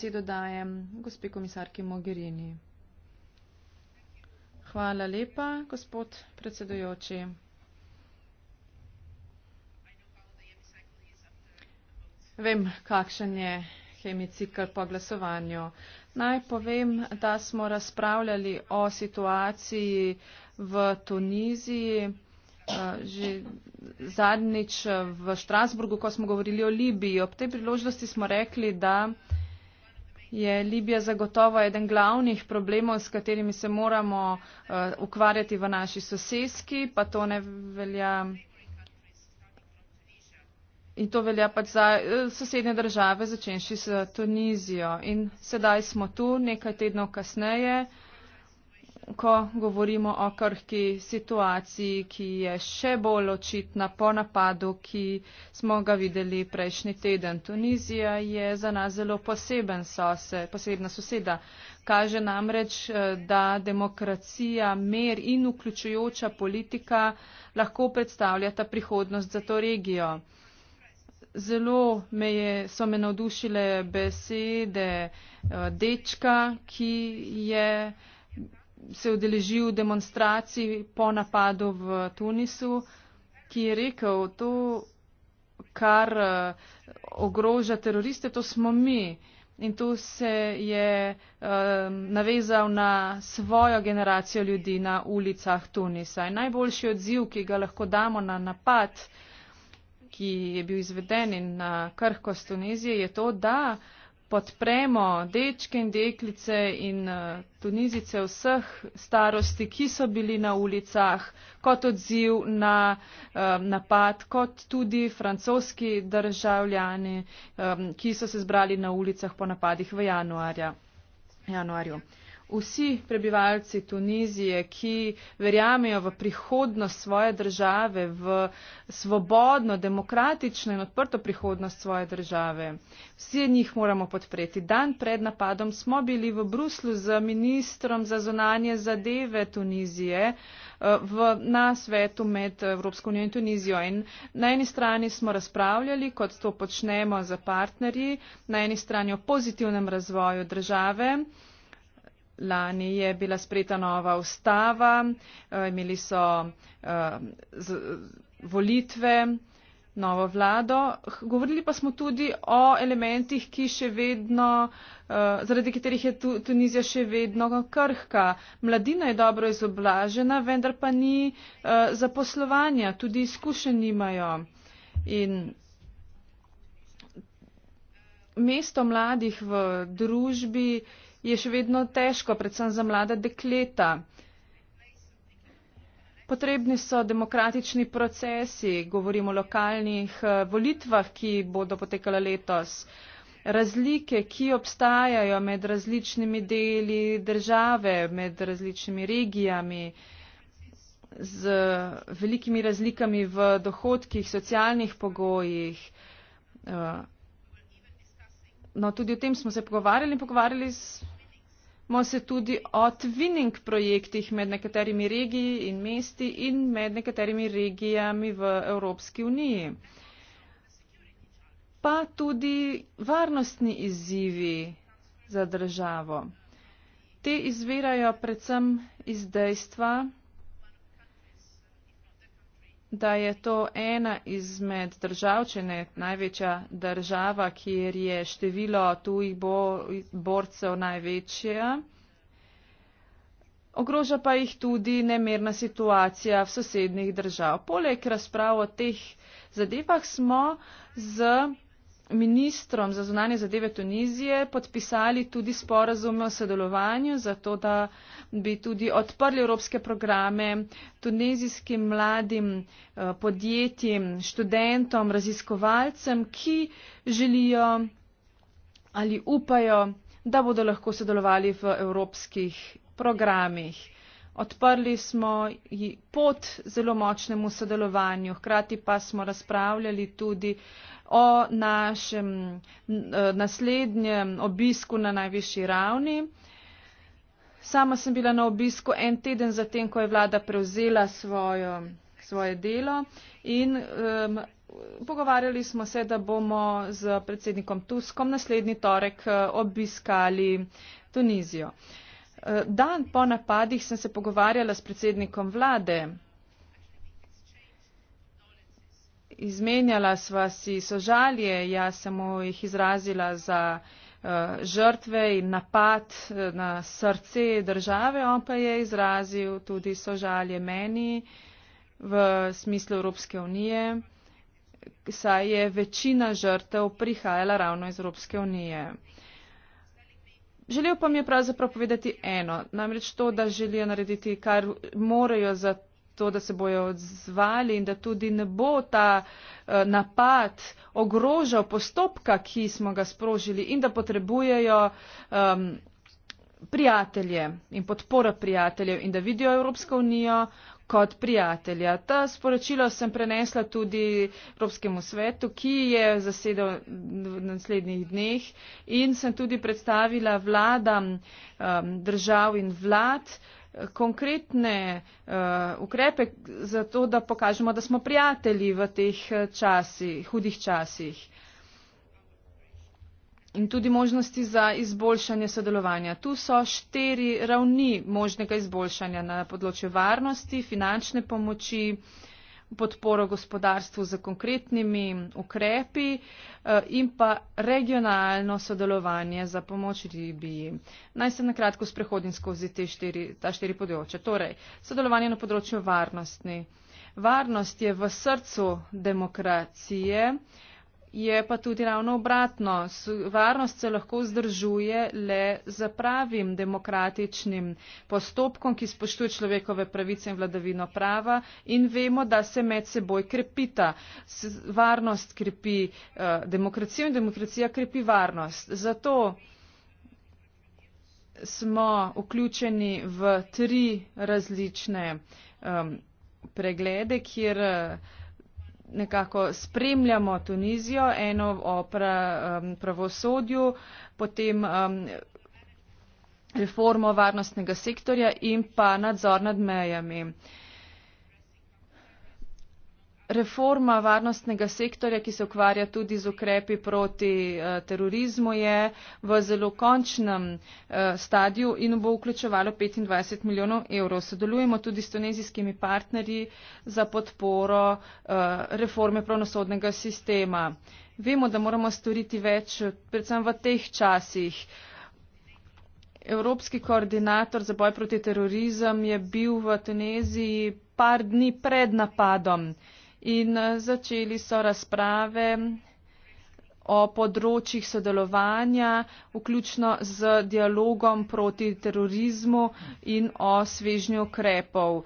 besedo dajem gospe komisarki Mogherini. Hvala lepa, gospod predsedujoči. Vem, kakšen je hemicikl po glasovanju. Naj povem, da smo razpravljali o situaciji v Tuniziji eh, že zadnjič v Štrasburgu, ko smo govorili o Libiji. Ob tej priložnosti smo rekli, da je Libija zagotovo eden glavnih problemov, s katerimi se moramo uh, ukvarjati v naši sosedski, pa to ne velja. In to velja pač za eh, sosednje države, začenši s Tunizijo. In sedaj smo tu, nekaj tednov kasneje. Uh, ko govorimo o krhki situaciji, ki je še bolj očitna po napadu, ki smo ga videli prejšnji teden. Tunizija je za nas zelo poseben sosed, posebna soseda. Kaže namreč, eh, da demokracija, mer in vključujoča politika lahko predstavljata prihodnost za to regijo. Zelo me je, so me navdušile besede eh, dečka, ki je se je odeležil demonstraciji po napadu v Tunisu, ki je rekel, to, kar eh, ogroža teroriste, to smo mi. In to se je um, navezal na svojo generacijo ljudi na ulicah Tunisa. In najboljši odziv, ki ga lahko damo na napad, ki je bil izveden in na krhkost Tunizije, je to, da uh, podpremo dečke in deklice in eh, tunizice vseh starosti, ki so bili na ulicah kot odziv na um, napad, kot tudi francoski državljani, um, ki so se zbrali na ulicah po napadih v januarju vsi prebivalci Tunizije, ki verjamejo v prihodnost svoje države, v svobodno, demokratično in odprto prihodnost svoje države. Vsi njih moramo podpreti. Dan pred napadom smo bili v Bruslu z ministrom za zonanje zadeve Tunizije eh, v, na svetu med Evropsko unijo in Tunizijo. In na eni strani smo razpravljali, kot to počnemo za partnerji, na eni strani o pozitivnem razvoju države, lani je bila sprejeta nova ustava, eh, imeli so eh, volitve, novo vlado. Govorili pa smo tudi o elementih, ki še vedno, eh, zaradi katerih je Tunizija še vedno krhka. Mladina je dobro izoblažena, vendar pa ni zaposlovanja, tudi izkušen nimajo. In mesto mladih v družbi je še vedno težko, predvsem za mlada dekleta. Potrebni so demokratični procesi, govorimo o lokalnih eh, volitvah, ki bodo potekala letos. Razlike, ki obstajajo med različnimi deli države, med različnimi regijami, z velikimi razlikami v dohodkih, socialnih pogojih, eh, no, tudi o tem smo se pogovarjali in pogovarjali smo se tudi o twinning projektih med nekaterimi regiji in mesti in med nekaterimi regijami v Evropski uniji. Pa tudi varnostni izzivi za državo. Te izvirajo predvsem iz dejstva, da je to ena izmed držav, če ne največja država, kjer je število tujih bo, borcev največje. Ogroža pa jih tudi nemirna situacija v sosednjih držav. Poleg razprav o teh zadevah smo z ministrom za zunanje zadeve Tunizije podpisali tudi sporazume o sodelovanju, zato da bi tudi odprli evropske programe tunezijskim mladim eh, podjetjem, študentom, raziskovalcem, ki želijo ali upajo, da bodo lahko sodelovali v evropskih programih. Odprli smo pot zelo močnemu sodelovanju, hkrati pa smo razpravljali tudi uh, o našem e, naslednjem obisku na najvišji ravni. Sama sem bila na obisku en teden zatem, ko je vlada prevzela svojo, svoje delo in um, pogovarjali smo se, da bomo z predsednikom Tuskom naslednji torek e, obiskali Tunizijo. E, dan po napadih sem se pogovarjala s predsednikom vlade izmenjala sva si sožalje, jaz sem mu jih izrazila za eh, žrtve in napad eh, na srce države, on pa je izrazil tudi sožalje meni v smislu Evropske unije, saj je večina žrtev prihajala ravno iz Evropske unije. Želel pa mi je pravzaprav povedati eno, namreč to, da želijo narediti, kar morajo za to, to, da se bojo odzvali in da tudi ne bo ta eh, napad ogrožal postopka, ki smo ga sprožili in da potrebujejo um, prijatelje in podporo prijateljev in da vidijo Evropsko unijo kot prijatelja. Ta sporočilo sem prenesla tudi Evropskemu svetu, ki je zasedel v naslednjih dneh in sem tudi predstavila vladam um, držav in vlad. Uh, konkretne uh, ukrepe za to, da pokažemo, da smo prijatelji v teh eh, časih, hudih časih. In tudi možnosti za izboljšanje sodelovanja. Tu so štiri ravni možnega izboljšanja na področju varnosti, finančne pomoči, uh, podporo gospodarstvu z konkretnimi ukrepi eh, in pa regionalno sodelovanje za pomoč ribiji. Naj se nakratko sprehodim skozi te štiri, ta štiri področja. Torej, sodelovanje na področju varnosti. Varnost je v srcu demokracije. Je pa tudi ravno obratno. Varnost se lahko vzdržuje le za pravim demokratičnim postopkom, ki spoštuje človekove pravice in vladavino prava in vemo, da se med seboj krepita. Varnost krepi uh, demokracijo in demokracija krepi varnost. Zato smo vključeni v tri različne um, preglede, kjer. Uh, nekako spremljamo Tunizijo, eno o pra, um, pravosodju, potem um, reformo varnostnega sektorja in pa nadzor nad mejami. Uh, Reforma varnostnega sektorja, ki se ukvarja tudi z ukrepi proti eh, terorizmu, je v zelo končnem eh, stadiju in bo vključevalo 25 milijonov evrov. Sodelujemo tudi s tunezijskimi partnerji za podporo eh, reforme pravnosodnega sistema. Vemo, da moramo storiti več, predvsem v teh časih. Evropski koordinator za boj proti terorizem je bil v Tuneziji par dni pred napadom in eh, začeli so razprave o področjih sodelovanja, vključno z dialogom proti terorizmu in o svežnju ukrepov.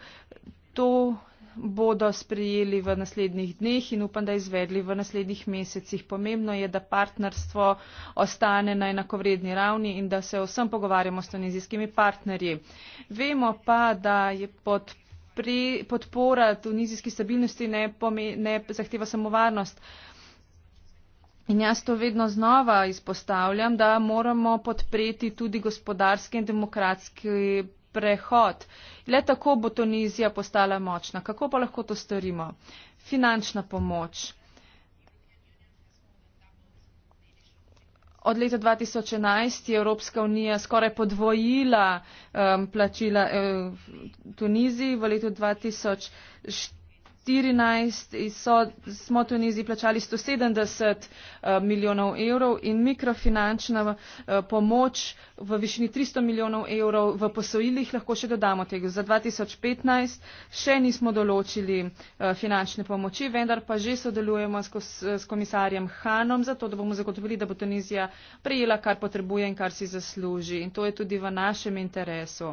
To bodo sprejeli v naslednjih dneh in upam, da izvedli v naslednjih mesecih. Pomembno je, da partnerstvo ostane na enakovredni ravni in da se vsem pogovarjamo s tunizijskimi partnerji. Vemo pa, da je pod pri podpora tunizijski stabilnosti ne, ne zahteva samo varnost. In jaz to vedno znova izpostavljam, da moramo podpreti tudi gospodarski in demokratski prehod. Le tako bo Tunizija postala močna. Kako pa lahko to storimo? Finančna pomoč. Od leta 2011 je Evropska unija skoraj podvojila um, plačila um, Tuniziji, v letu 2014 14 so, smo Tunizi plačali 170 eh, milijonov evrov in mikrofinančna eh, pomoč v višini 300 milijonov evrov v posojilih lahko še dodamo tega. Za 2015 še nismo določili eh, finančne pomoči, vendar pa že sodelujemo s, s komisarjem Hanom, zato da bomo zagotovili, da bo Tunizija prejela, kar potrebuje in kar si zasluži. In to je tudi v našem interesu.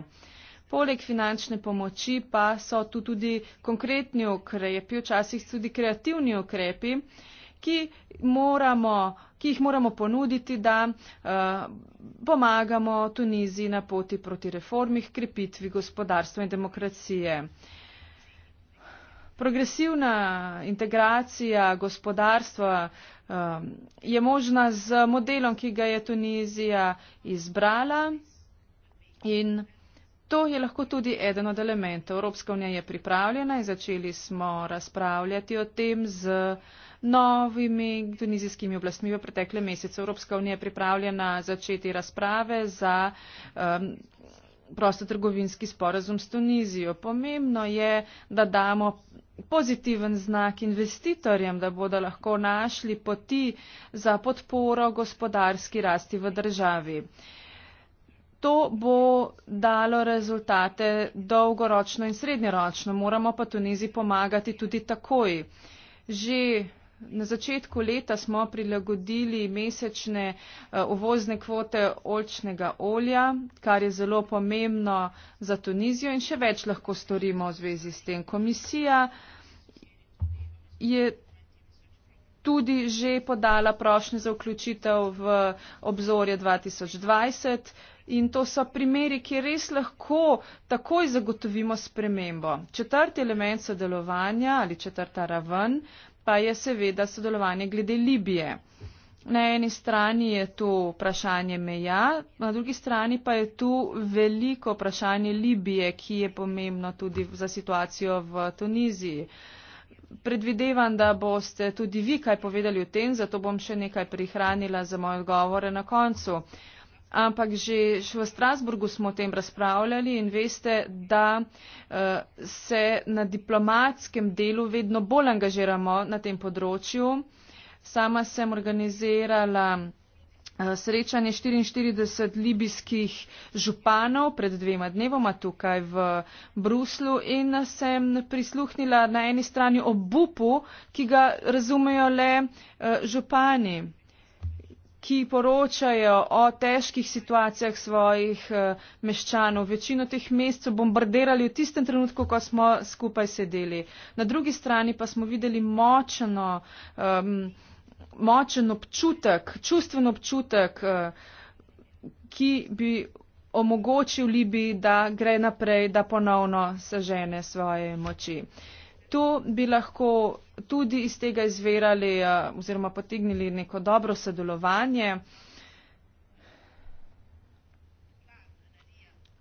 Poleg finančne pomoči pa so tu tudi konkretni ukrepi, včasih tudi kreativni ukrepi, ki, moramo, ki jih moramo ponuditi, da uh, pomagamo Tuniziji na poti proti reformih, krepitvi gospodarstva in demokracije. Progresivna integracija gospodarstva um, je možna z modelom, ki ga je Tunizija izbrala in To je lahko tudi eden od elementov. Evropska unija je pripravljena in začeli smo razpravljati o tem z novimi tunizijskimi oblastmi v pretekle mesece. Evropska unija je pripravljena začeti razprave za um, prostotrgovinski sporazum s Tunizijo. Pomembno je, da damo pozitiven znak investitorjem, da bodo lahko našli poti za podporo gospodarski rasti v državi. Uh, to bo dalo rezultate dolgoročno in srednjeročno. Moramo pa Tunizi pomagati tudi takoj. Že na začetku leta smo prilagodili mesečne eh, uvozne kvote olčnega olja, kar je zelo pomembno za Tunizijo in še več lahko storimo v zvezi s tem. Komisija je tudi že podala prošnje za vključitev v obzorje 2020. In to so primeri, kjer res lahko takoj zagotovimo spremembo. Četrti element sodelovanja ali četrta raven pa je seveda sodelovanje glede Libije. Na eni strani je to vprašanje meja, na drugi strani pa je tu veliko vprašanje Libije, ki je pomembno tudi za situacijo v Tuniziji. Predvidevam, da boste tudi vi kaj povedali o tem, zato bom še nekaj prihranila za moje odgovore na koncu. Uh, ampak že v Strasburgu smo o tem razpravljali in veste, da eh, se na diplomatskem delu vedno bolj angažiramo na tem področju. Sama sem organizirala eh, srečanje 44 libijskih županov pred dvema dnevoma tukaj v Bruslu in sem prisluhnila na eni strani obupu, ki ga razumejo le eh, župani ki poročajo o težkih situacijah svojih eh, meščanov. Večino teh mest so bombardirali v tistem trenutku, ko smo skupaj sedeli. Na drugi strani pa smo videli močno, um, močen občutek, čustven občutek, uh, ki bi omogočil Libiji, da gre naprej, da ponovno sežene svoje moči. Uh, to bi lahko tudi iz tega izverali eh, oziroma potegnili neko dobro sodelovanje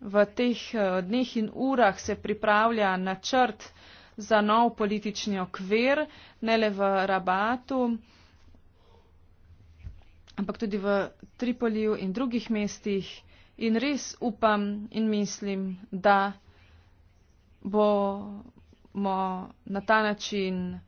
v teh eh, dneh in urah se pripravlja načrt za nov politični okvir, ne le v Rabatu, ampak tudi v Tripoliju in drugih mestih. In res upam in mislim, da bo, bomo na ta način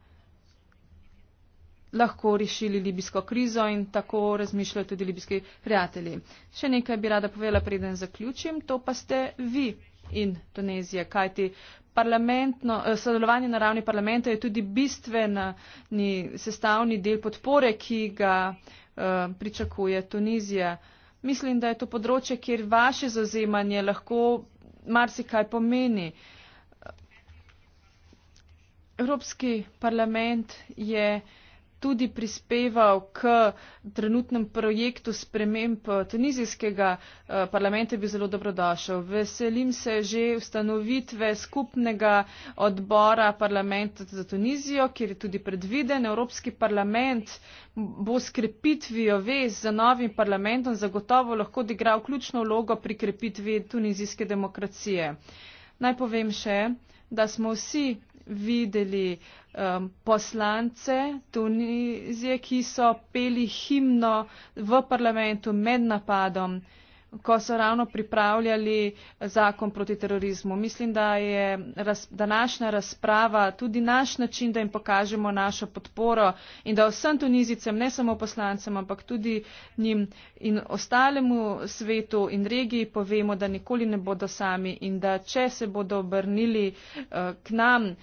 lahko rešili libijsko krizo in tako razmišljajo tudi libijski prijatelji. Še nekaj bi rada povedala, preden zaključim, to pa ste vi in Tunezija, kajti eh, sodelovanje na ravni parlamenta je tudi bistveni sestavni del podpore, ki ga uh, pričakuje Tunizija. Mislim, da je to področje, kjer vaše zazemanje lahko marsikaj pomeni. Uh, Evropski parlament je tudi prispeval k trenutnem projektu sprememb eh, tunizijskega eh, parlamenta, bi zelo dobrodošel. Veselim se že ustanovitve skupnega odbora parlamenta za Tunizijo, kjer je tudi predviden Evropski parlament bo s krepitvijo vez za novim parlamentom zagotovo lahko odigral ključno vlogo pri krepitvi tunizijske demokracije. Naj povem še, da smo vsi videli um, poslance Tunizije, ki so peli himno v parlamentu med napadom ko so ravno pripravljali zakon proti terorizmu. Mislim, da je raz, današnja razprava tudi naš način, da jim pokažemo našo podporo in da vsem tunizicem, ne samo poslancem, ampak tudi njim in ostalemu svetu in regiji povemo, da nikoli ne bodo sami in da če se bodo obrnili uh, k nam,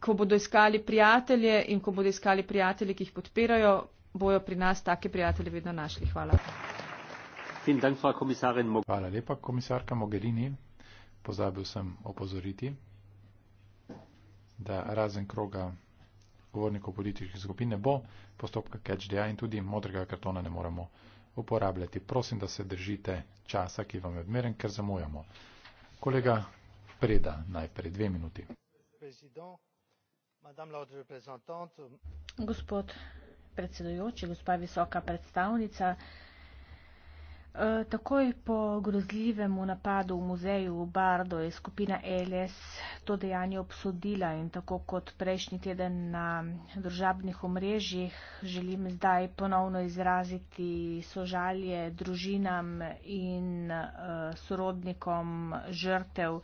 ko bodo iskali prijatelje in ko bodo iskali prijatelje, ki jih podpirajo, bojo pri nas take prijatelje vedno našli. Hvala. Hvala lepa, komisarka Mogherini. Pozabil sem opozoriti, da razen kroga govornikov političnih skupin ne bo postopka KHDA in tudi modrega kartona ne moremo uporabljati. Prosim, da se držite časa, ki vam je odmeren, ker zamujamo. Kolega Preda, najprej dve minuti. Gospod predsedujoči, gospa visoka predstavnica. Eh, takoj po grozljivem napadu v muzeju v Bardo je skupina LS to dejanje obsodila in tako kot prejšnji teden na družabnih omrežjih želim zdaj ponovno izraziti sožalje družinam in uh, sorodnikom žrtev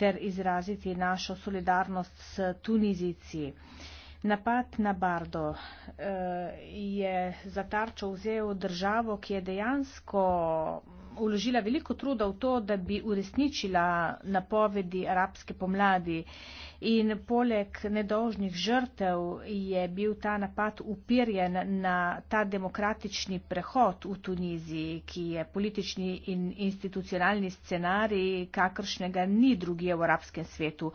ter izraziti našo solidarnost s Tunizici. Uh, Napad na Bardo eh, je za tarčo vzel državo, ki je dejansko uložila veliko truda v to, da bi uresničila napovedi arabske pomladi. In poleg nedolžnih žrtev je bil ta napad upirjen na ta demokratični prehod v Tuniziji, ki je politični in institucionalni scenarij, kakršnega ni drugije v arabskem svetu.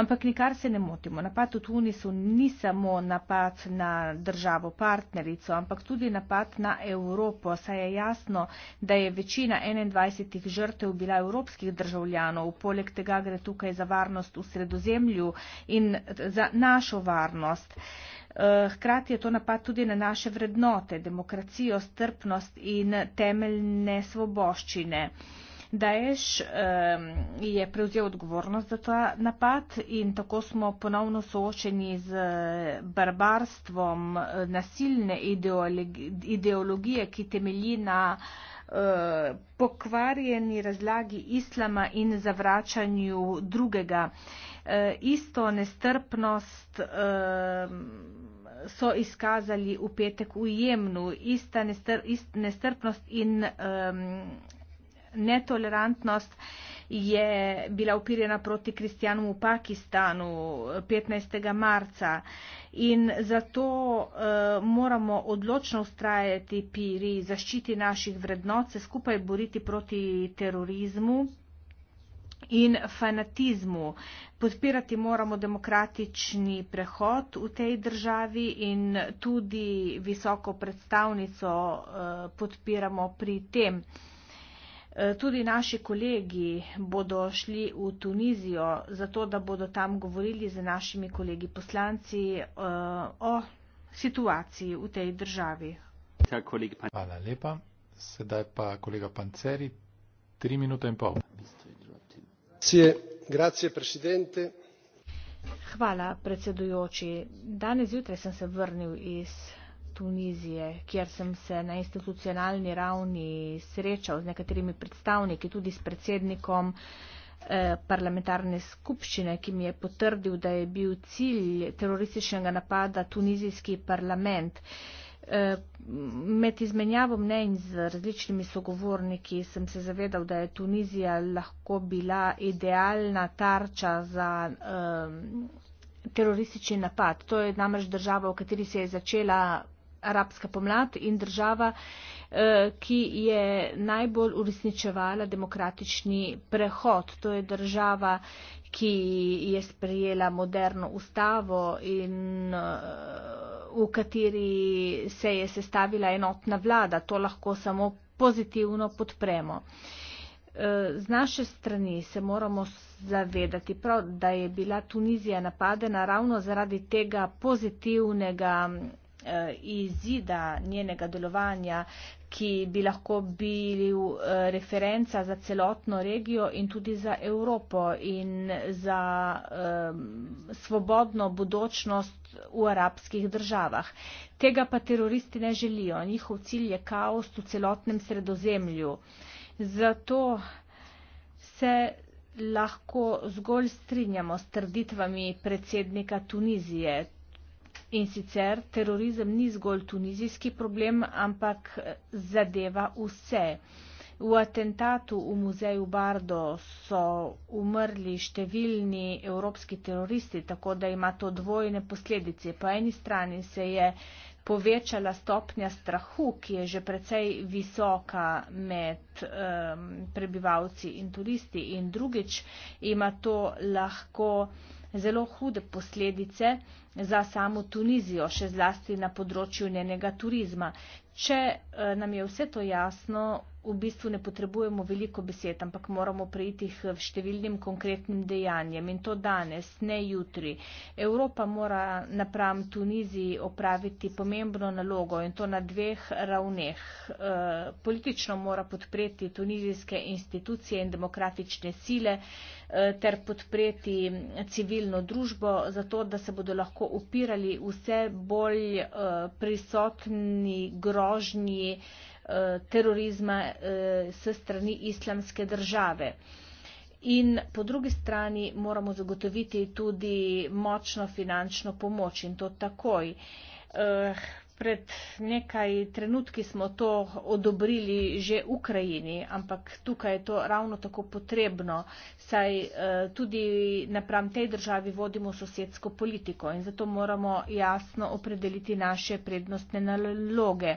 Ampak nikar se ne motimo. Napad v Tunisu ni samo napad na državo partnerico, ampak tudi napad na Evropo. Saj je jasno, da je večina 21 žrtev bila evropskih državljanov. Poleg tega gre tukaj za varnost v sredozemlju okolju in za našo varnost. Eh, hkrati je to napad tudi na naše vrednote, demokracijo, strpnost in temeljne svoboščine. Daesh eh, je prevzel odgovornost za ta napad in tako smo ponovno soočeni z barbarstvom eh, nasilne ideologije, ki temelji na eh, pokvarjeni razlagi islama in zavračanju drugega. Eh, Eh, isto nestrpnost eh, so izkazali v petek v Jemnu, ista nestr, ist, nestrpnost in um, netolerantnost je bila upirjena proti kristijanom v Pakistanu 15. marca in zato uh, moramo odločno ustrajati piri, zaščiti naših vrednot, se skupaj boriti proti terorizmu in fanatizmu. Podpirati moramo demokratični prehod v tej državi in tudi visoko predstavnico eh, podpiramo pri tem. Eh, tudi naši kolegi bodo šli v Tunizijo, zato da bodo tam govorili z našimi kolegi poslanci eh, o situaciji v tej državi. Hvala lepa. Sedaj pa kolega Panceri, tri minute in pol danes zjutraj sem se vrnil iz tunizije kjer sem se na institucionalni ravni srečal z nekaterimi predstavniki tudi s predsednikom eh, parlamentarne skupščine, ki mi je potrdil, da je bil cilj terorističnega napada tunizijski parlament. Tunizija je v zadnjih letih Eh, med izmenjavo mnenj z različnimi sogovorniki sem se zavedal, da je Tunizija lahko bila idealna tarča za um, teroristični napad. To je namreč država, v kateri se je začela arabska pomlad in država, uh, ki je najbolj uresničevala demokratični prehod. To je država, ki je sprejela moderno ustavo in. Uh, v kateri se je sestavila enotna vlada. To lahko samo pozitivno podpremo. E, z naše strani se moramo zavedati, prav, da je bila Tunizija napadena ravno zaradi tega pozitivnega Eh, izida njenega delovanja, ki bi lahko bili eh, referenca za celotno regijo in tudi za Evropo in za svobodno budočnost v arabskih državah. Tega pa teroristi ne želijo. Njihov cilj je kaos v celotnem sredozemlju. Zato se lahko zgolj strinjamo s trditvami predsednika Tunizije. In sicer terorizem ni zgolj tunizijski problem, ampak eh, zadeva vse. V atentatu v muzeju Bardo so umrli številni evropski teroristi, tako da ima to dvojne posledice. Po eni strani se je povečala stopnja strahu, ki je že precej visoka med um, prebivalci in turisti in drugič ima to lahko uh, zelo hude posledice za samo Tunizijo, še zlasti na področju njenega turizma. Če eh, nam je vse to jasno, v bistvu ne potrebujemo veliko besed, ampak moramo preiti k številnim konkretnim dejanjem in to danes, ne jutri. Evropa mora napram Tuniziji opraviti pomembno nalogo in to na dveh ravneh. E, politično mora podpreti tunizijske institucije in demokratične sile e, ter podpreti civilno družbo, zato da se bodo lahko upirali vse bolj e, prisotni grožnji. Eh, terorizma eh, s strani islamske države. In po drugi strani moramo zagotoviti tudi močno finančno pomoč in to takoj. Eh, pred nekaj trenutki smo to odobrili že Ukrajini, ampak tukaj je to ravno tako potrebno, saj tudi napram tej državi vodimo sosedsko politiko in zato moramo jasno opredeliti naše prednostne naloge.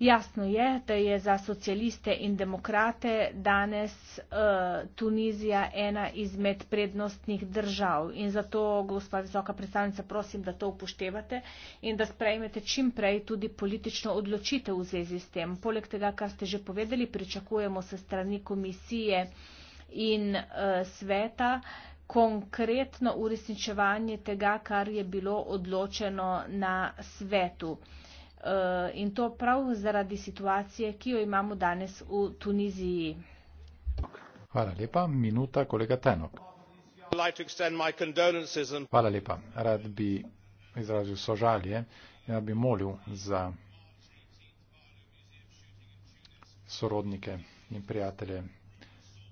Jasno je, da je za socialiste in demokrate danes uh, Tunizija ena izmed prednostnih držav in zato, gospa visoka predstavnica, prosim, da to upoštevate in da sprejmete čim prej tudi politično odločitev v zvezi s tem. Poleg tega, kar ste že povedali, pričakujemo se strani komisije in uh, sveta konkretno uresničevanje tega, kar je bilo odločeno na svetu. Eh, in to prav zaradi situacije, ki jo imamo danes v Tuniziji. Hvala lepa. Minuta, kolega Tenok. Hvala lepa. Rad bi izrazil sožalje in ja, bi molil za sorodnike in prijatelje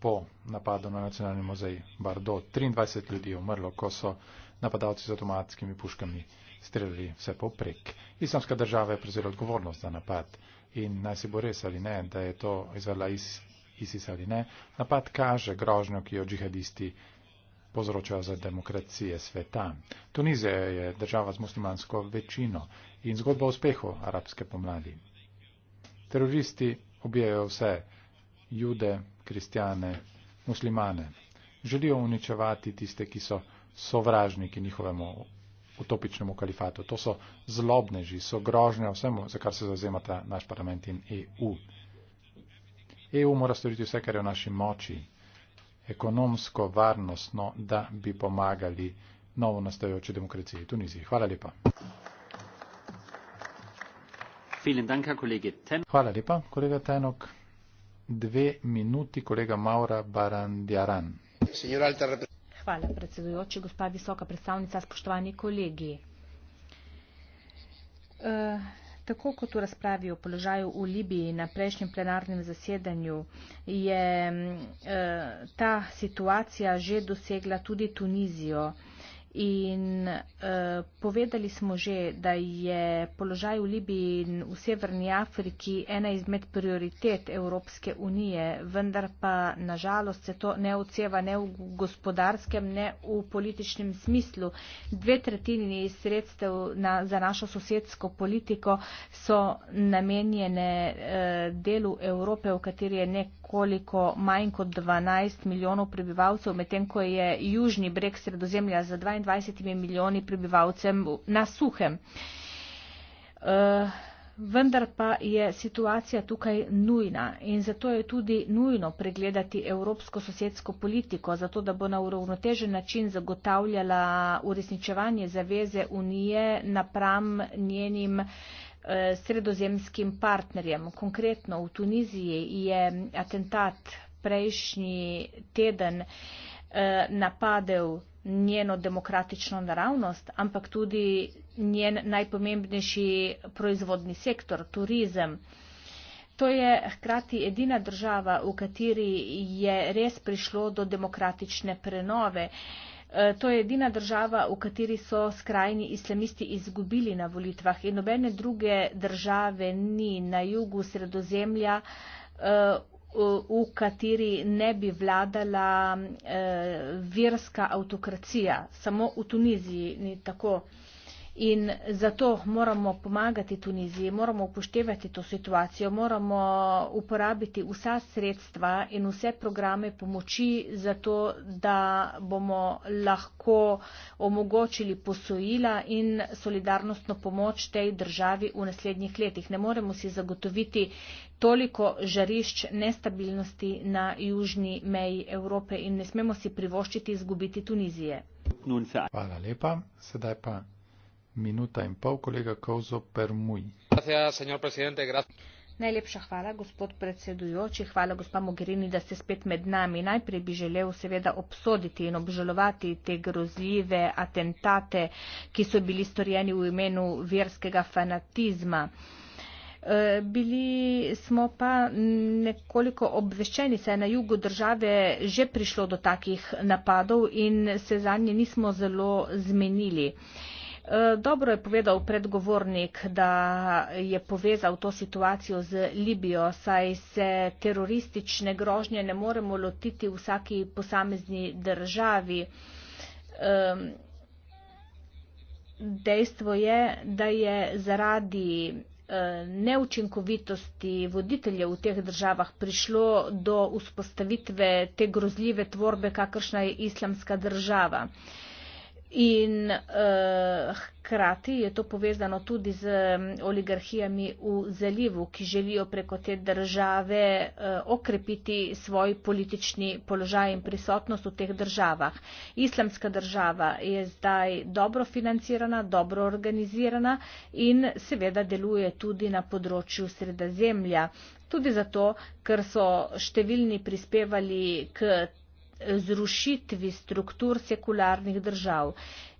po napadu na nacionalni muzej Bardo. 23 ljudi je umrlo, ko so napadalci z avtomatskimi puškami streljali vse poprek. Islamska država je prevzela odgovornost za napad in naj si bo res ali ne, da je to izvela ISIS ali ne, napad kaže grožnjo, ki jo džihadisti povzročajo za demokracije sveta. Tunizija je država z muslimansko večino in zgodba o uspehu arabske pomladi. Teroristi objejo vse, jude, kristjane, muslimane. Želijo uničevati tiste, ki so sovražniki njihovemu utopičnemu kalifatu. To so zlobneži, so grožnja vsemu, za kar se zazemata naš parlament in EU. EU mora storiti vse, kar je v naši moči, ekonomsko, varnostno, da bi pomagali novo nastajajoči demokraciji v Tuniziji. Hvala lepa. Danka, Hvala lepa, kolega Tenok. Dve minuti, kolega Maura Barandjaran. Signor Alta reprezentant. Hvala, predsedujoči, gospa visoka predstavnica, spoštovani kolegi. E, tako kot v razpravi o položaju v Libiji na prejšnjem plenarnem zasedanju, je e, ta situacija že dosegla tudi Tunizijo. E, In eh, povedali smo že, da je položaj v Libiji in v Severni Afriki ena izmed prioritet Evropske unije, vendar pa nažalost se to ne odseva ne v gospodarskem, ne v političnem smislu. Dve tretjini sredstev na, za našo sosedsko politiko so namenjene eh, delu Evrope, v kateri je nek koliko manj kot 12 milijonov prebivalcev, medtem ko je južni breg sredozemlja za 22 milijoni prebivalcem na suhem. Eh, vendar pa je situacija tukaj nujna in zato je tudi nujno pregledati evropsko sosedsko politiko, zato da bo na uravnotežen način zagotavljala uresničevanje zaveze Unije napram njenim eh, Eh, sredozemskim partnerjem. Konkretno v Tuniziji je atentat prejšnji teden eh, napadel njeno demokratično naravnost, ampak tudi njen najpomembnejši proizvodni sektor, turizem. To je hkrati edina država, v kateri je res prišlo do demokratične prenove. Eh, to je edina država, v kateri so skrajni islamisti izgubili na volitvah in nobene druge države ni na jugu sredozemlja, eh, v kateri ne bi vladala eh, verska avtokracija. Samo v Tuniziji ni tako. In zato moramo pomagati Tuniziji, moramo upoštevati to situacijo, moramo uporabiti vsa sredstva in vse programe pomoči, zato da bomo lahko omogočili posojila in solidarnostno pomoč tej državi v naslednjih letih. Ne moremo si zagotoviti toliko žarišč nestabilnosti na južni meji Evrope in ne smemo si privoščiti izgubiti Tunizije. Hvala lepa. Sedaj pa minuta in pol, kolega Kovzo Permuj. Najlepša hvala, gospod predsedujoči, hvala, gospa Mogherini, da ste spet med nami. Najprej bi želel seveda obsoditi in obžalovati te grozljive atentate, ki so bili storjeni v imenu verskega fanatizma. Eh, bili smo pa nekoliko obveščeni, saj je na jugu države že prišlo do takih napadov in se za nje nismo zelo zmenili. Eh, dobro je povedal predgovornik, da je povezal to situacijo z Libijo, saj se teroristične grožnje ne moremo lotiti v vsaki posamezni državi. Dejstvo je, da je zaradi eh, neučinkovitosti voditeljev v teh državah prišlo do vzpostavitve te grozljive tvorbe, kakršna je islamska država. In uh, hkrati je to povezano tudi z mm, oligarhijami v zalivu, ki želijo preko te države uh, okrepiti svoj politični položaj in prisotnost v teh državah. Islamska država je zdaj dobro financirana, dobro organizirana in seveda deluje tudi na področju sredozemlja. Tudi zato, ker so številni prispevali k zrušitvi struktur sekularnih držav.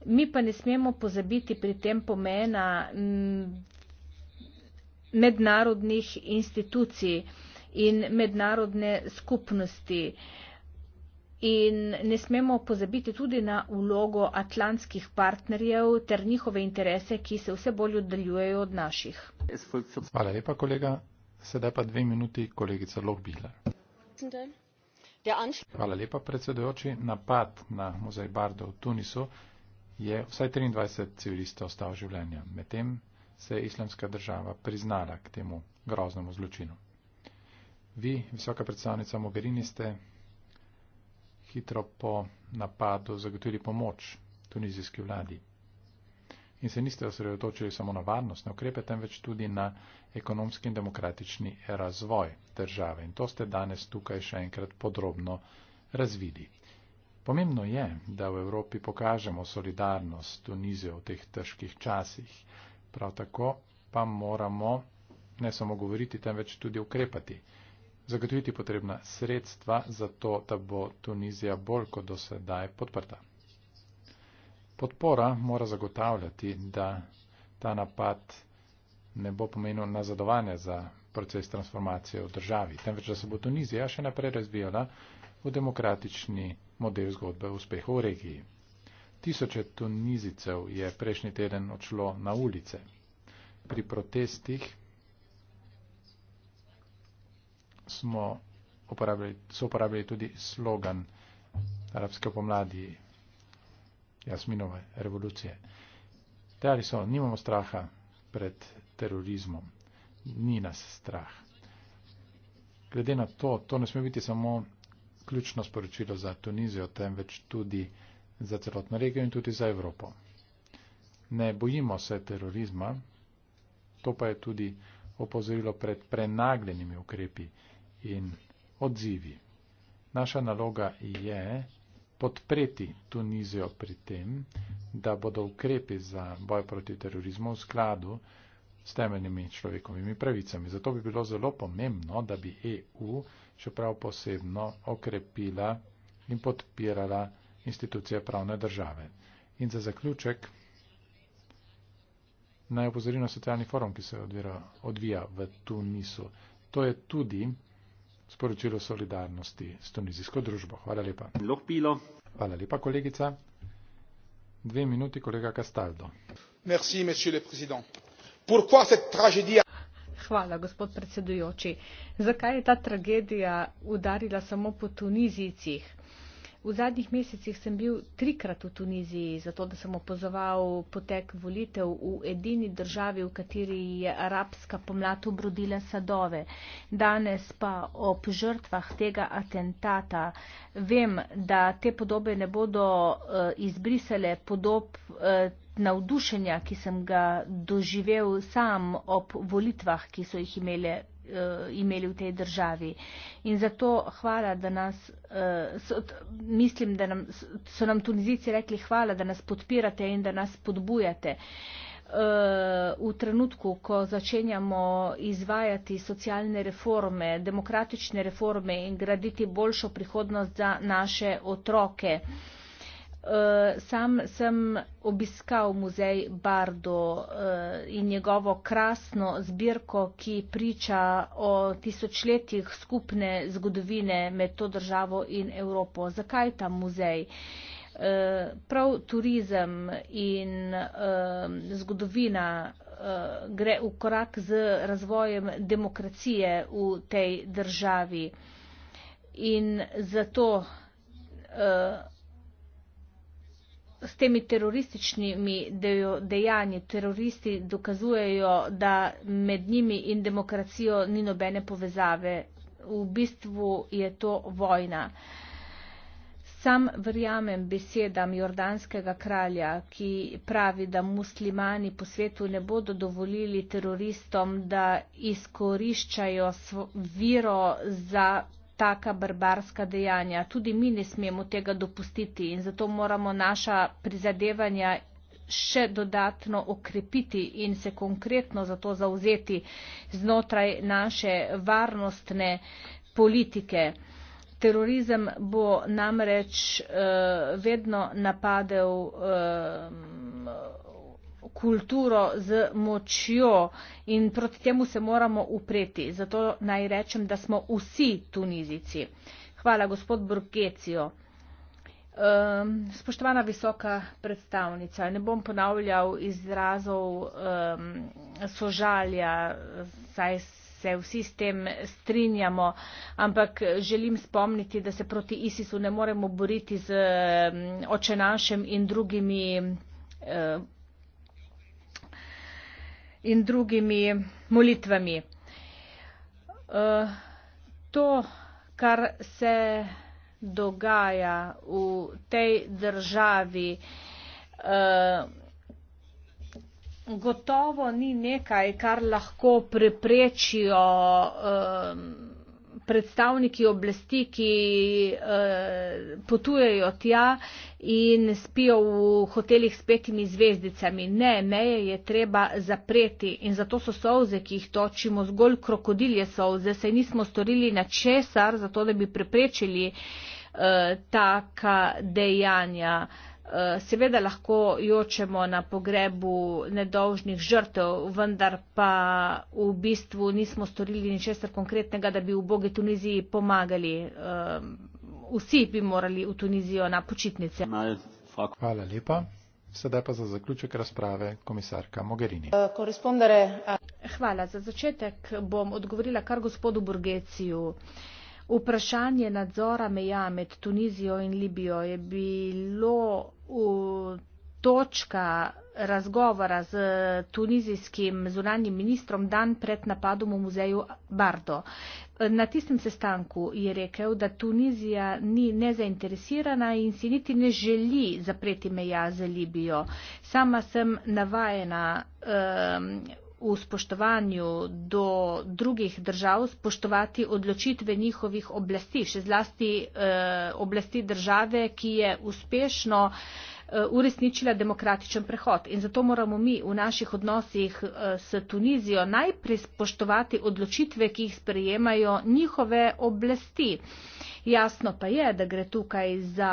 Mi pa ne smemo pozabiti pri tem pomena mm, mednarodnih institucij in mednarodne skupnosti. In ne smemo pozabiti tudi na ulogo atlantskih partnerjev ter njihove interese, ki se vse bolj oddaljujejo od naših. Hvala lepa, kolega. Sedaj pa dve minuti, kolegica Lohbihler. Hvala lepa, predsedujoči. Napad na muzej Bardo v Tunisu je vsaj 23 civilistov ostal življenja. Medtem se je islamska država priznala k temu groznemu zločinu. Vi, visoka predstavnica Mogherini, ste hitro po napadu zagotovili pomoč tunizijski vladi in se niste osredotočili samo na varnostne ukrepe, temveč tudi na ekonomski in demokratični razvoj države. In to ste danes tukaj še enkrat podrobno razvidi. Pomembno je, da v Evropi pokažemo solidarnost Tunizijo v teh težkih časih. Prav tako pa moramo ne samo govoriti, temveč tudi ukrepati. Zagotoviti potrebna sredstva za to, da bo Tunizija bolj kot do sedaj podprta. Podpora mora zagotavljati, da ta napad ne bo pomenil nazadovanja za proces transformacije v državi, temveč da se bo Tunizija še naprej razvijala v demokratični model zgodbe uspeha v regiji. Tisoče Tunizicev je prejšnji teden odšlo na ulice. Pri protestih smo uporabili, so uporabili tudi slogan arabske pomladi jasminove revolucije. Teali so, nimamo straha pred terorizmom, ni nas strah. Glede na to, to ne sme biti samo ključno sporočilo za Tunizijo, temveč tudi za celotno regijo in tudi za Evropo. Ne bojimo se terorizma, to pa je tudi opozorilo pred prenagljenimi ukrepi in odzivi. Naša naloga je podpreti Tunizijo pri tem, da bodo ukrepi za boj proti terorizmu v skladu s temeljnimi človekovimi pravicami. Zato bi bilo zelo pomembno, da bi EU še prav posebno okrepila in podpirala institucije pravne države. In za zaključek naj opozorim na socialni forum, ki se odvira, odvija v Tunisu. To je tudi sporočilo solidarnosti s tunizijsko družbo. Hvala lepa. Hvala lepa, kolegica. Dve minuti, kolega Castaldo. Merci, Hvala, gospod predsedujoči. Zakaj je ta tragedija udarila samo po Tunizijcih? V zadnjih mesecih sem bil trikrat v Tuniziji, zato da sem opozoval potek volitev v edini državi, v kateri je arabska pomlad obrodila sadove. Danes pa ob žrtvah tega atentata vem, da te podobe ne bodo eh, izbrisale podob eh, navdušenja, ki sem ga doživel sam ob volitvah, ki so jih imele uh, imeli v tej državi. In zato hvala, da nas, uh, so, t, mislim, da nam, so nam tunizici rekli hvala, da nas podpirate in da nas podbujate. Eh, v trenutku, ko začenjamo izvajati socialne reforme, demokratične reforme in graditi boljšo prihodnost za naše otroke, uh, Eh, sam sem obiskal muzej Bardo eh, in njegovo krasno zbirko, ki priča o tisočletjih skupne zgodovine med to državo in Evropo. Zakaj ta muzej? Eh, prav turizem in zgodovina gre v korak z razvojem demokracije v tej državi. In zato s temi terorističnimi dejanji teroristi dokazujejo, da med njimi in demokracijo ni nobene povezave. V bistvu je to vojna. Sam verjamem besedam jordanskega kralja, ki pravi, da muslimani po svetu ne bodo dovolili teroristom, da izkoriščajo vero za taka barbarska dejanja. Tudi mi ne smemo tega dopustiti in zato moramo naša prizadevanja še dodatno okrepiti in se konkretno za to zauzeti znotraj naše varnostne politike. Terorizem bo namreč uh, vedno napadel uh, kulturo z močjo in proti temu se moramo upreti. Zato naj rečem, da smo vsi Tunizici. Hvala, gospod Brgecijo. Um, ehm, spoštovana visoka predstavnica, ne bom ponavljal izrazov um, sožalja, saj se vsi s tem strinjamo, ampak želim spomniti, da se proti ISIS-u ne moremo boriti z um, ehm, očenašem in drugimi um, in drugimi molitvami. Eh, to, kar se dogaja v tej državi, eh, gotovo ni nekaj, kar lahko preprečijo. Eh, predstavniki oblasti, ki eh, potujejo tja in spijo v hotelih s petimi zvezdicami. Ne, meje je treba zapreti in zato so solze, ki jih točimo, zgolj krokodilje solze, saj nismo storili na česar, zato da bi preprečili eh, taka dejanja. Eh, seveda lahko jočemo na pogrebu nedolžnih žrtev, vendar pa v bistvu nismo storili ničesar konkretnega, da bi v Bogi Tuniziji pomagali. Eh, vsi bi morali v Tunizijo na počitnice. Hvala lepa. Sedaj pa za zaključek razprave komisarka Mogherini. Eh, Hvala. Za začetek bom odgovorila kar gospodu Burgeciju. Vprašanje nadzora meja med Tunizijo in Libijo je bilo v točka razgovora z tunizijskim zunanjim ministrom dan pred napadom v muzeju Bardo. Na tistem sestanku je rekel, da Tunizija ni nezainteresirana in si niti ne želi zapreti meja za Libijo. Sama sem navajena um, v spoštovanju do drugih držav spoštovati odločitve njihovih oblasti, še zlasti eh, oblasti države, ki je uspešno eh, uresničila demokratičen prehod. In zato moramo mi v naših odnosih eh, s Tunizijo najprej spoštovati odločitve, ki jih sprejemajo njihove oblasti. Eh, Jasno pa je, da gre tukaj za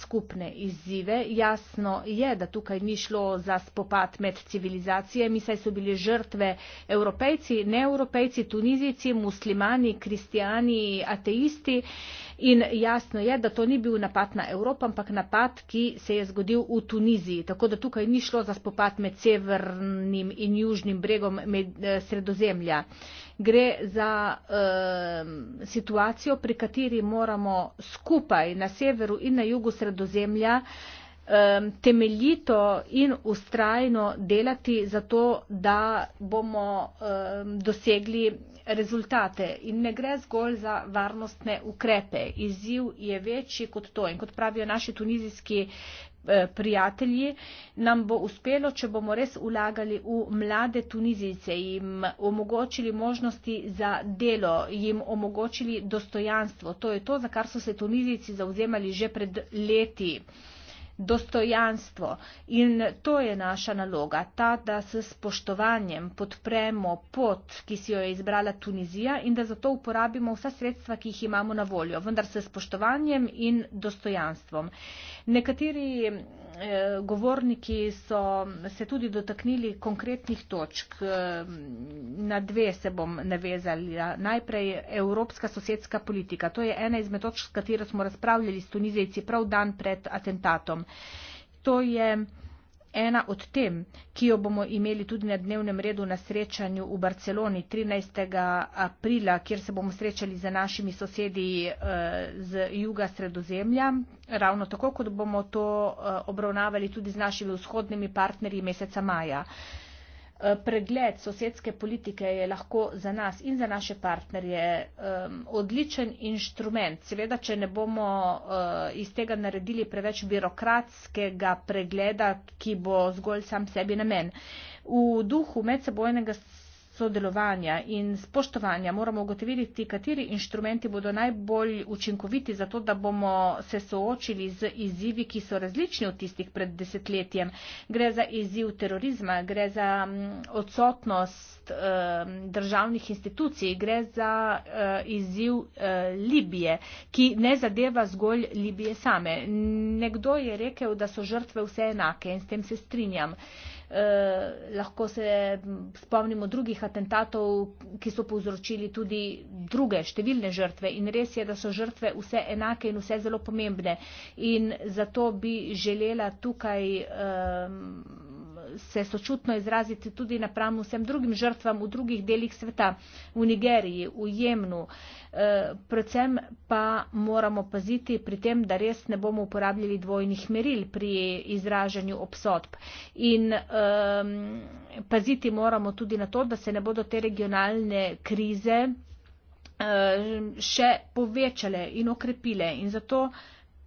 skupne izzive, jasno je, da tukaj ni šlo za spopad med civilizacijami, saj so bili žrtve evropejci, neevropejci, tunizici, muslimani, kristijani, ateisti in jasno je, da to ni bil napad na Evropo, ampak napad, ki se je zgodil v Tuniziji. Tako da tukaj ni šlo za spopad med severnim in južnim bregom med, eh, sredozemlja. Gre za eh, situacijo, pri kateri mora moramo skupaj na severu in na jugu sredozemlja temeljito in ustrajno delati zato, da bomo dosegli rezultate. In ne gre zgolj za varnostne ukrepe. Izziv je večji kot to. In kot pravijo naši tunizijski Eh, prijatelji, nam bo uspelo, če bomo res ulagali v mlade tunizice, jim omogočili možnosti za delo, jim omogočili dostojanstvo. To je to, za kar so se tunizici zauzemali že pred leti dostojanstvo in to je naša naloga, ta, da se spoštovanjem podpremo pot, ki si jo je izbrala Tunizija in da zato uporabimo vsa sredstva, ki jih imamo na voljo, vendar se spoštovanjem in dostojanstvom. Nekateri govorniki so se tudi dotaknili konkretnih točk. Na dve se bom navezali. Najprej evropska sosedska politika. To je ena izmed točk, s katero smo razpravljali s tunizejci prav dan pred atentatom. To je Ena od tem, ki jo bomo imeli tudi na dnevnem redu na srečanju v Barceloni 13. aprila, kjer se bomo srečali z našimi sosedi eh, z juga sredozemlja, ravno tako, kot bomo to eh, obravnavali tudi z našimi vzhodnimi partnerji meseca maja. Eh, pregled sosedske politike je lahko za nas in za naše partnerje odličen inštrument. Seveda, če ne bomo eh, iz tega naredili preveč birokratskega pregleda, ki bo zgolj sam sebi namen. V duhu medsebojnega sodelovanja in spoštovanja moramo ugotoviti, kateri inštrumenti bodo najbolj učinkoviti za to, da bomo se soočili z izzivi, ki so različni od tistih pred desetletjem. Gre za izziv terorizma, gre za mm, odsotnost eh, državnih institucij, gre za eh, izziv eh, Libije, ki ne zadeva zgolj Libije same. Nekdo je rekel, da so žrtve vse enake in s tem se strinjam. Eh, lahko se spomnimo drugih atentatov, ki so povzročili tudi druge številne žrtve. In res je, da so žrtve vse enake in vse zelo pomembne. In zato bi želela tukaj. Uh, se sočutno izraziti tudi napram vsem drugim žrtvam v drugih delih sveta, v Nigeriji, v Jemnu. E, predvsem pa moramo paziti pri tem, da res ne bomo uporabljali dvojnih meril pri izražanju obsodb. In e, paziti moramo tudi na to, da se ne bodo te regionalne krize e, še povečale in okrepile. In zato,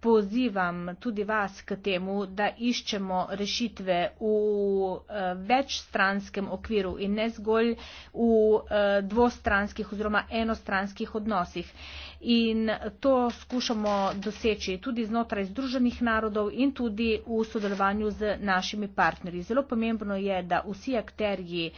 pozivam tudi vas k temu, da iščemo rešitve v eh, večstranskem okviru in ne zgolj v eh, dvostranskih oziroma enostranskih odnosih. In to skušamo doseči tudi znotraj Združenih narodov in tudi v sodelovanju z našimi partnerji. Zelo pomembno je, da vsi akterji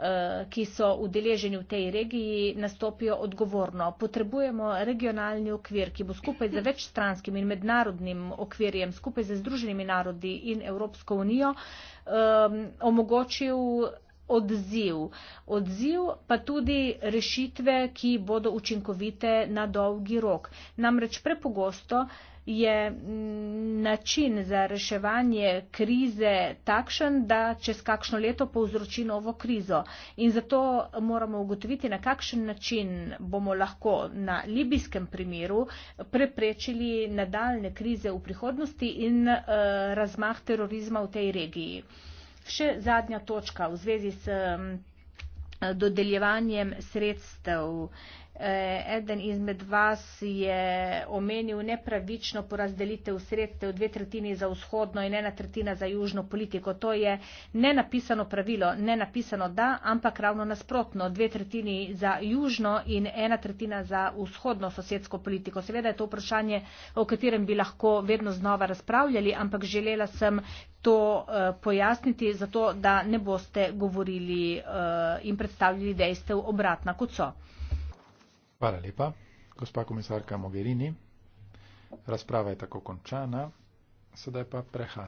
Eh, ki so udeleženi v tej regiji, nastopijo odgovorno. Potrebujemo regionalni okvir, ki bo skupaj z večstranskim in mednarodnim okvirjem, skupaj z Združenimi narodi in Evropsko unijo, eh, omogočil odziv. Odziv pa tudi rešitve, ki bodo učinkovite na dolgi rok. Namreč prepogosto je mm, način za reševanje krize takšen, da čez kakšno leto povzroči novo krizo. In zato moramo ugotoviti, na kakšen način bomo lahko na libijskem primeru preprečili nadaljne krize v prihodnosti in eh, razmah terorizma v tej regiji. Še zadnja točka v zvezi s mm, dodeljevanjem sredstev. Eh, eden izmed vas je omenil nepravično porazdelitev sredstev dve tretjini za vzhodno in ena tretjina za južno politiko. To je nenapisano pravilo, nenapisano da, ampak ravno nasprotno, dve tretjini za južno in ena tretjina za vzhodno sosedsko politiko. Seveda je to vprašanje, o katerem bi lahko vedno znova razpravljali, ampak želela sem to eh, pojasniti, zato da ne boste govorili eh, in predstavljali dejstev obratna kot so. Hvala lepa. Gospa komisarka Mogherini, razprava je tako končana. Sedaj pa prehajamo.